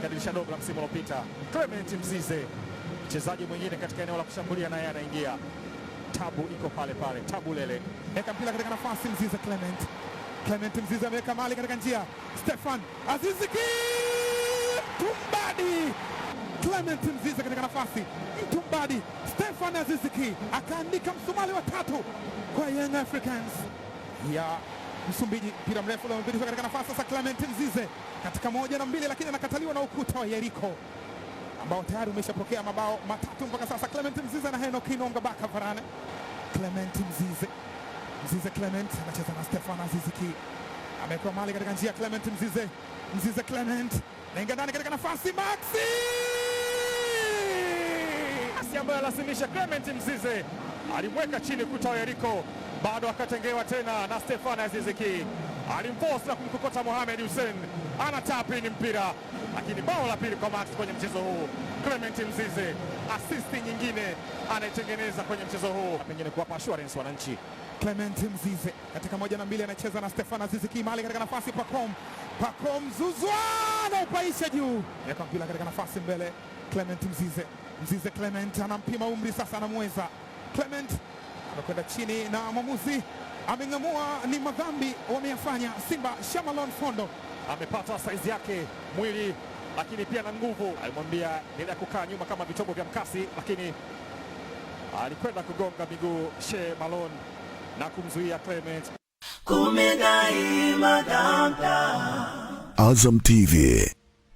katika dirisha dogo la msimu uliopita. Clement Mzize, mchezaji mwingine katika eneo la kushambulia, naye anaingia. Tabu iko pale pale, Tabu Lele weka mpira katika nafasi, Mzize Clement, Clement Mzize ameweka mali katika njia, Stefan Aziziki Tumbadi, Clement Mzize katika nafasi, Mtumbadi Stefan Aziziki akaandika msumali wa tatu kwa Young Africans ya Msumbiji, mpira mrefu ule umepitishwa katika nafasi sasa. Clement Mzize katika moja na mbili, lakini anakataliwa na ukuta wa Yeriko ambao tayari umeshapokea mabao matatu mpaka sasa. Clement Mzize na Henok Inonga Baka Varane. Clement Mzize, Mzize Clement anacheza na Stefan Aziziki, amekuwa mali katika njia. Clement Mzize, Mzize Clement naingia ndani katika nafasi Maxi ambayo alasimisha. Clement Mzize alimweka chini ukuta wa Yeriko bado akatengewa tena na Stefan Aziziki, alimforce na kumkokota Mohamed Hussein, anatapini mpira, lakini bao la pili kwa Max kwenye mchezo huu. Clement Mzize asisti nyingine anaitengeneza kwenye mchezo huu, pengine kuwapa assurance wananchi. Clement Mzize katika moja na mbili anacheza na Stefan Aziziki mali katika nafasi Pacom, Pacom zuzwa anaupaisha juu, weka mpira katika nafasi mbele. Clement Mzize, Mzize Clement anampima umri sasa, anamweza Clement amekwenda chini na mwamuzi ameng'amua ni madhambi wameyafanya Simba. Shamalon Fondo amepata saizi yake mwili, lakini pia na nguvu. Alimwambia endelea kukaa nyuma kama vitobo vya mkasi, lakini alikwenda kugonga miguu She Malon na kumzuia Clement. Azam TV,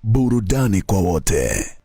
burudani kwa wote.